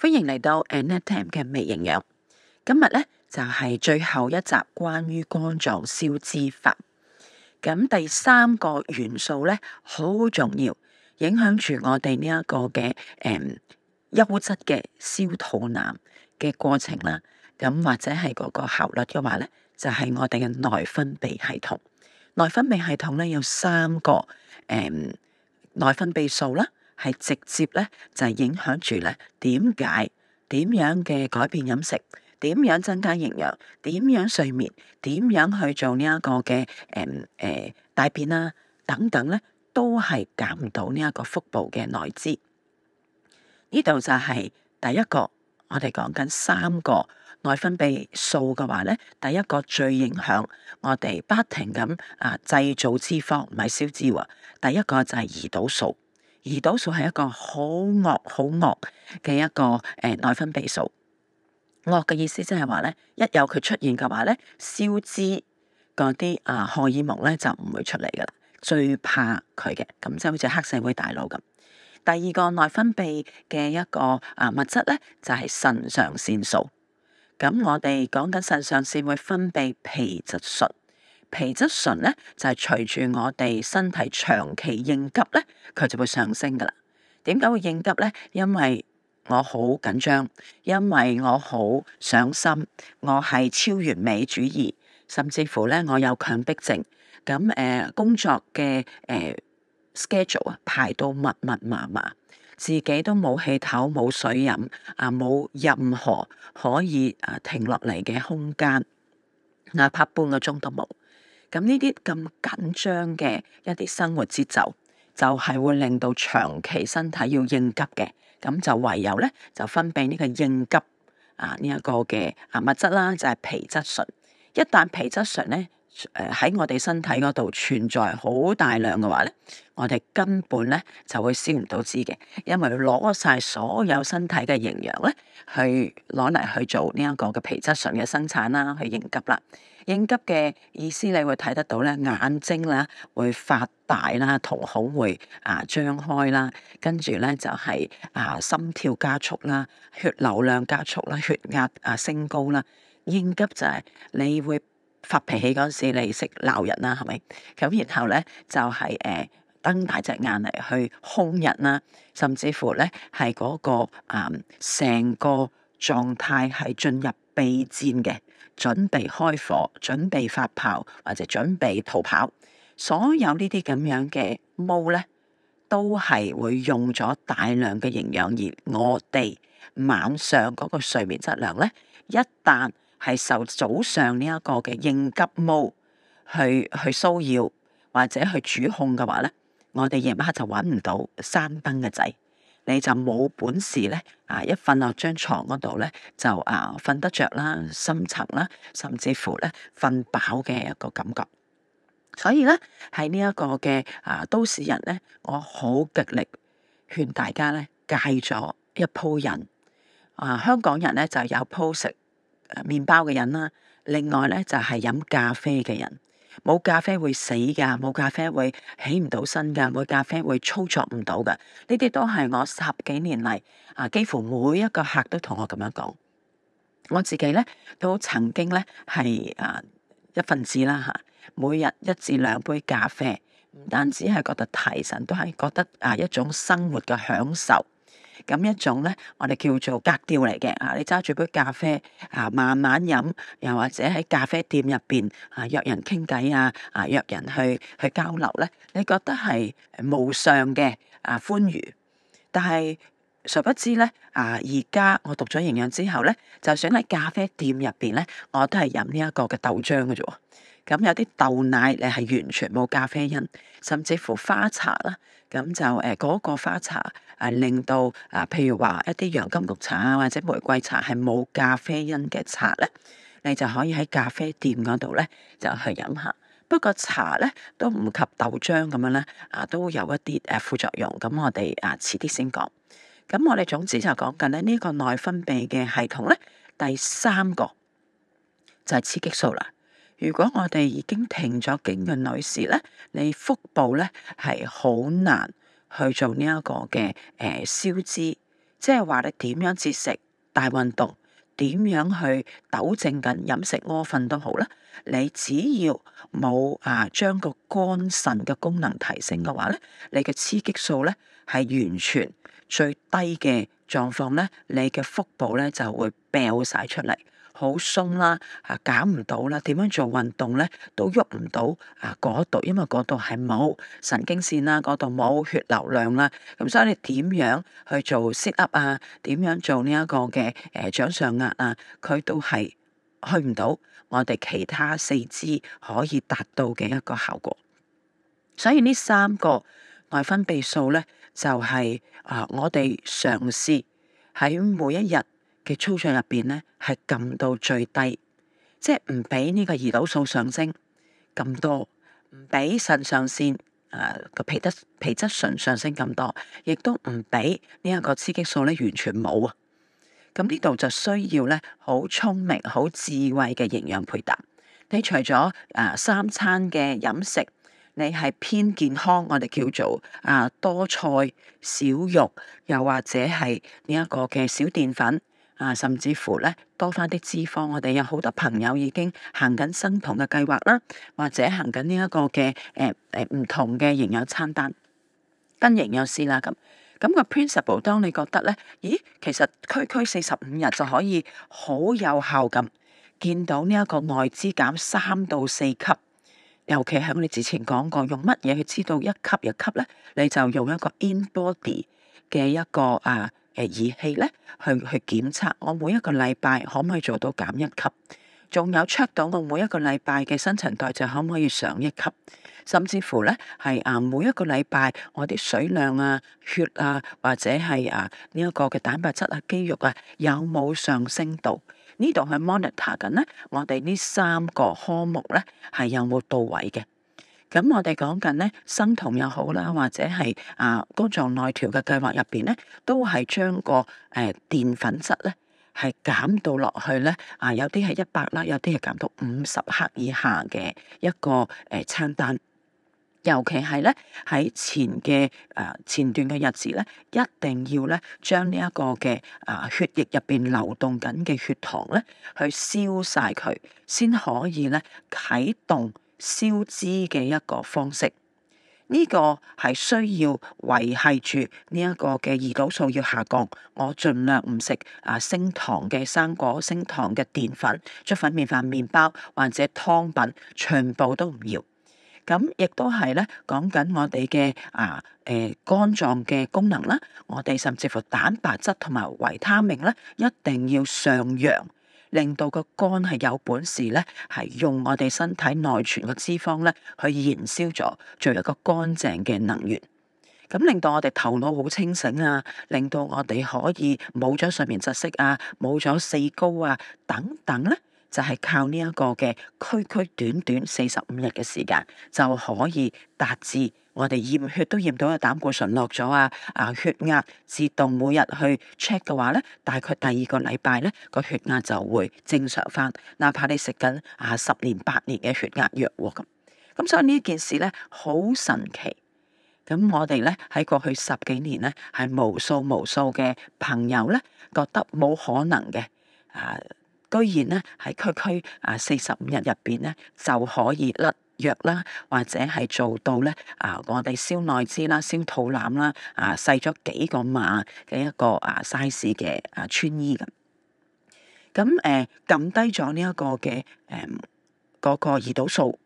歡迎嚟到 Annette Tam 嘅微營養，今日咧就係、是、最後一集關於肝臟消脂法，咁第三個元素咧好重要，影響住我哋呢一個嘅誒、嗯、優質嘅消肚腩嘅過程啦，咁或者係嗰個效率嘅話咧，就係、是、我哋嘅內分泌系統，內分泌系統咧有三個誒、嗯、內分泌素啦。係直接咧，就係影響住咧，點解點樣嘅改變飲食，點樣增加營養，點樣睡眠，點樣去做呢一個嘅誒誒大便啦、啊、等等咧，都係減唔到呢一個腹部嘅內脂。呢度就係第一個，我哋講緊三個內分泌素嘅話咧，第一個最影響我哋不停咁啊製造脂肪，唔係消脂喎。第一個就係胰島素。胰島素係一個好惡、好惡嘅一個誒內分泌素，惡嘅意思即係話咧，一有佢出現嘅話咧，消脂嗰啲啊荷爾蒙咧就唔會出嚟噶啦，最怕佢嘅，咁即係好似黑社會大佬咁。第二個內分泌嘅一個啊物質咧就係腎上腺素，咁我哋講緊腎上腺會分泌皮質醇。皮質醇咧就係、是、隨住我哋身體長期應急咧，佢就會上升㗎喇。點解會應急咧？因為我好緊張，因為我好上心，我係超完美主義，甚至乎咧我有強迫症。咁誒、呃、工作嘅誒、呃、schedule 啊排到密密麻麻，自己都冇氣頭冇水飲啊，冇任何可以啊停落嚟嘅空間，哪、啊、怕半個鐘都冇。咁呢啲咁緊張嘅一啲生活節奏，就係會令到長期身體要應急嘅，咁就唯有咧就分泌呢個應急啊呢一個嘅啊物質啦，就係皮質醇。一旦皮質醇咧，誒，喺我哋身體嗰度存在好大量嘅話咧，我哋根本咧就會燒唔到脂嘅，因為攞晒所有身體嘅營養咧去攞嚟去做呢一個嘅皮質醇嘅生產啦，去應急啦。應急嘅意思你會睇得到咧，眼睛啦會發大啦，瞳孔會啊張開啦，跟住咧就係、是、啊心跳加速啦，血流量加速啦，血壓啊升高啦。應急就係你會。發脾氣嗰陣時，你識鬧人啦，係咪？咁然後咧，就係誒瞪大隻眼嚟去兇人啦，甚至乎咧係嗰個啊成、呃、個狀態係進入備戰嘅，準備開火、準備發炮或者準備逃跑。所有這這呢啲咁樣嘅毛咧，都係會用咗大量嘅營養，而我哋晚上嗰個睡眠質量咧，一旦係受早上呢一個嘅應急毛去去騷擾或者去主控嘅話咧，我哋夜晚黑就揾唔到山崩嘅仔，你就冇本事咧啊！一瞓落張床嗰度咧就啊瞓得着啦、深層啦，甚至乎咧瞓飽嘅一個感覺。所以咧喺呢一個嘅啊都市人咧，我好極力勸大家咧戒咗一鋪癮啊！香港人咧就有鋪食麵包嘅人啦，另外咧就係飲咖啡嘅人，冇咖啡會死噶，冇咖啡會起唔到身噶，冇咖啡會操作唔到噶，呢啲都係我十幾年嚟啊，幾乎每一個客都同我咁樣講，我自己咧都曾經咧係啊一份子啦吓，每日一至兩杯咖啡，唔單止係覺得提神，都係覺得啊一種生活嘅享受。咁一種咧，我哋叫做格調嚟嘅啊，你揸住杯咖啡啊，慢慢飲，又或者喺咖啡店入邊啊，約人傾偈啊，啊，約人去去交流咧，你覺得係無上嘅啊，歡愉。但係殊不知咧，啊，而家我讀咗營養之後咧，就想喺咖啡店入邊咧，我都係飲呢一個嘅豆漿嘅啫喎。咁有啲豆奶你係完全冇咖啡因，甚至乎花茶啦，咁就誒嗰個花茶誒令到啊，譬如話一啲洋甘菊茶啊或者玫瑰茶係冇咖啡因嘅茶咧，你就可以喺咖啡店嗰度咧就去飲下。不過茶咧都唔及豆漿咁樣咧，啊都有一啲誒副作用。咁我哋啊遲啲先講。咁我哋總之就講緊咧呢個內分泌嘅系統咧，第三個就係雌激素啦。如果我哋已經停咗經嘅女士咧，你腹部咧係好難去做呢一個嘅誒、呃、消脂，即係話你點樣節食、大運動，點樣去糾正緊飲食、屙瞓都好啦。你只要冇啊將個肝腎嘅功能提升嘅話咧，你嘅雌激素咧係完全最低嘅狀況咧，你嘅腹部咧就會爆晒出嚟。好鬆啦，鬆啊，搞唔到啦，點樣做運動咧，都喐唔到啊嗰度、啊，因為嗰度係冇神經線啦、啊，嗰度冇血流量啦、啊，咁所以你點樣去做 sit up 啊，點樣做呢一個嘅誒、呃、掌上壓啊，佢都係去唔到我哋其他四肢可以達到嘅一個效果。所以呢三個內分泌素咧，就係、是、啊、呃，我哋嘗試喺每一日，嘅操作入邊咧，係撳到最低，即係唔俾呢個胰島素上升咁多，唔俾腎上腺啊，個皮質皮質醇上升咁多，亦都唔俾呢一個雌激素咧完全冇啊！咁呢度就需要咧好聰明、好智慧嘅營養配搭。你除咗啊、呃、三餐嘅飲食，你係偏健康，我哋叫做啊、呃、多菜少肉，又或者係呢一個嘅少澱粉。啊，甚至乎咧多翻啲脂肪，我哋有好多朋友已經行緊生酮嘅計劃啦，或者行緊呢一個嘅誒誒唔同嘅營養餐單跟營養師啦。咁咁個 principle，當你覺得咧，咦，其實區區四十五日就可以好有效咁，見到呢一個內脂減三到四級，尤其係我哋之前講過，用乜嘢去知道一級一級咧？你就用一個 in body 嘅一個啊。儀器咧去去檢測，我每一個禮拜可唔可以做到減一級？仲有 check 到我每一個禮拜嘅新陳代謝可唔可以上一級？甚至乎咧係啊，每一個禮拜我啲水量啊、血啊，或者係啊呢一個嘅蛋白質啊、肌肉啊，有冇上升到。呢度係 monitor 緊咧，我哋呢三個科目咧係有冇到位嘅？咁我哋講緊咧，生酮又好啦，或者係啊，肝臟內調嘅計劃入邊咧，都係將個誒澱、呃、粉質咧係減到落去咧。啊，有啲係一百克，有啲係減到五十克以下嘅一個誒、呃、餐單。尤其係咧喺前嘅啊、呃、前段嘅日子咧，一定要咧將呢一個嘅啊、呃、血液入邊流動緊嘅血糖咧，去消晒佢，先可以咧啟動消脂嘅一個方式，呢、這個係需要維係住呢一個嘅胰島素要下降，我盡量唔食啊升糖嘅生果、升糖嘅澱粉、粥粉麵飯、麵包或者湯品，全部都唔要。咁亦都係咧講緊我哋嘅啊誒、呃、肝臟嘅功能啦，我哋甚至乎蛋白質同埋維他命咧一定要上揚。令到個肝係有本事咧，係用我哋身體內存嘅脂肪咧去燃燒咗，做一個乾淨嘅能源。咁令到我哋頭腦好清醒啊，令到我哋可以冇咗睡眠窒息啊，冇咗四高啊等等咧，就係靠呢一個嘅區區短短四十五日嘅時間就可以達至。我哋驗血都驗到個膽固醇落咗啊！啊，血壓自動每日去 check 嘅話咧，大概第二個禮拜咧個血壓就會正常翻，哪怕你食緊啊十年八年嘅血壓藥咁。咁所以呢件事咧好神奇。咁我哋咧喺過去十幾年咧係無數無數嘅朋友咧覺得冇可能嘅啊、呃，居然咧喺區區啊四十五日入邊咧就可以甩藥啦，或者係做到咧啊！我哋燒內脂啦，燒、啊、肚腩啦，啊細咗幾個碼嘅一個啊 size 嘅啊穿衣嘅。咁誒，撳低咗呢一個嘅誒嗰個胰島素。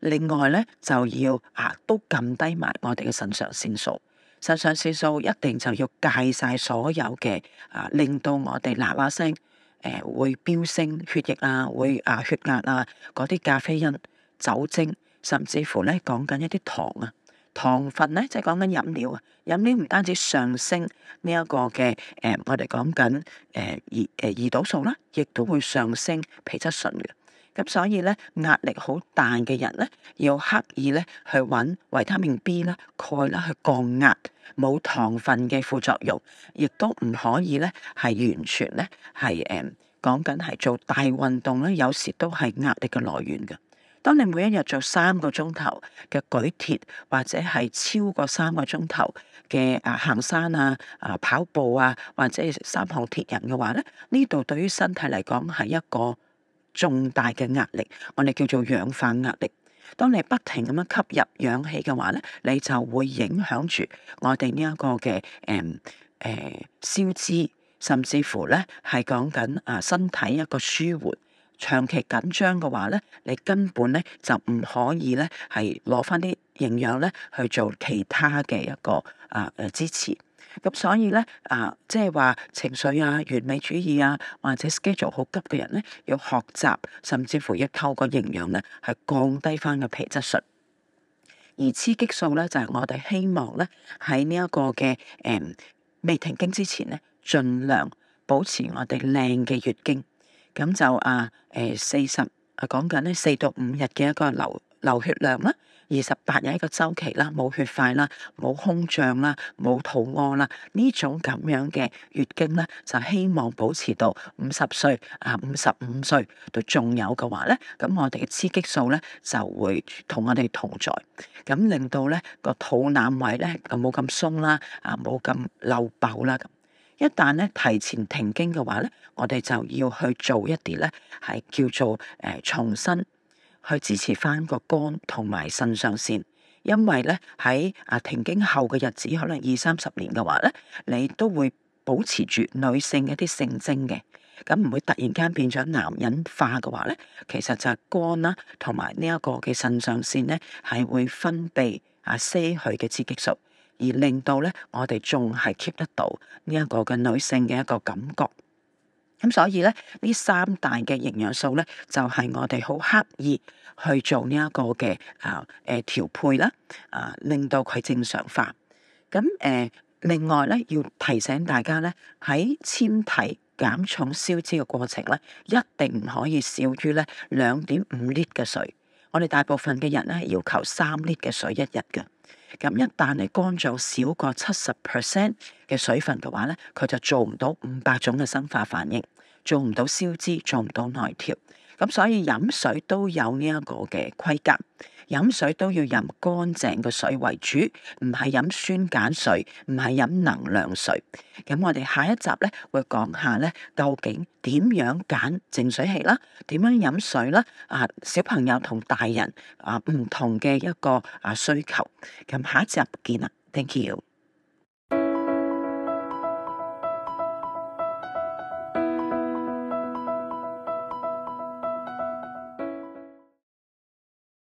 另外咧，就要啊都撳低埋我哋嘅腎上腺素。腎上腺素一定就要戒晒所有嘅啊，令到我哋嗱嗱聲誒會飆升血液啊，會啊血壓啊嗰啲咖啡因。酒精，甚至乎咧，講緊一啲糖啊，糖分咧，即係講緊飲料啊，飲料唔單止上升呢一個嘅，誒、呃，我哋講緊，誒、呃，二，誒，胰島素啦，亦都會上升皮質醇嘅。咁所以咧，壓力好大嘅人咧，要刻意咧去搵維他命 B 啦、鈣啦去降壓，冇糖分嘅副作用，亦都唔可以咧係完全咧係，誒，講緊係做大運動咧，有時都係壓力嘅來源嘅。當你每一日做三個鐘頭嘅舉鐵，或者係超過三個鐘頭嘅啊行山啊啊跑步啊，或者三項鐵人嘅話咧，呢度對於身體嚟講係一個重大嘅壓力，我哋叫做氧化壓力。當你不停咁樣吸入氧氣嘅話咧，你就會影響住我哋呢一個嘅誒誒消脂，甚至乎咧係講緊啊身體一個舒緩。長期緊張嘅話咧，你根本咧就唔可以咧係攞翻啲營養咧去做其他嘅一個啊誒、呃呃、支持。咁所以咧啊，即係話情緒啊、完美主義啊，或者 schedule 好急嘅人咧，要學習甚至乎要透過營養咧，係降低翻個皮質素。而雌激素咧，就係、是、我哋希望咧喺呢一個嘅誒、呃、未停經之前咧，儘量保持我哋靚嘅月經。咁就啊，誒四十講緊咧四到五日嘅一個流流血量啦，二十八日一個週期啦，冇血塊啦，冇胸脹啦，冇肚屙啦，呢種咁樣嘅月經咧，就希望保持到五十歲啊五十五歲，歲到仲有嘅話咧，咁我哋嘅雌激素咧就會同我哋同在，咁令到咧個肚腩位咧就冇咁鬆啦，啊冇咁漏爆啦咁。一旦咧提前停經嘅話咧，我哋就要去做一啲咧，係叫做誒、呃、重新去支持翻個肝同埋腎上腺，因為咧喺啊停經後嘅日子，可能二三十年嘅話咧，你都會保持住女性嘅一啲性徵嘅，咁唔會突然間變咗男人化嘅話咧，其實就係肝啦同埋呢一個嘅腎上腺咧，係會分泌啊些許嘅雌激素。而令到咧，我哋仲係 keep 得到呢一個嘅女性嘅一個感覺。咁所以咧，呢三大嘅營養素咧，就係、是、我哋好刻意去做呢一個嘅啊誒調配啦，啊、呃、令到佢正常化。咁誒、呃，另外咧要提醒大家咧，喺纖體減重消脂嘅過程咧，一定唔可以少於咧兩點五 L 嘅水。我哋大部分嘅人咧要求三 litre 嘅水一日嘅，咁一旦你肝臟少過七十 percent 嘅水分嘅話咧，佢就做唔到五百種嘅生化反應，做唔到消脂，做唔到內調，咁所以飲水都有呢一個嘅規格。飲水都要飲乾淨嘅水為主，唔係飲酸鹼水，唔係飲能量水。咁我哋下一集咧會講下咧，究竟點樣揀淨水器啦，點樣飲水啦？啊，小朋友同大人啊唔同嘅一個啊需求。咁下一集見啦，thank you。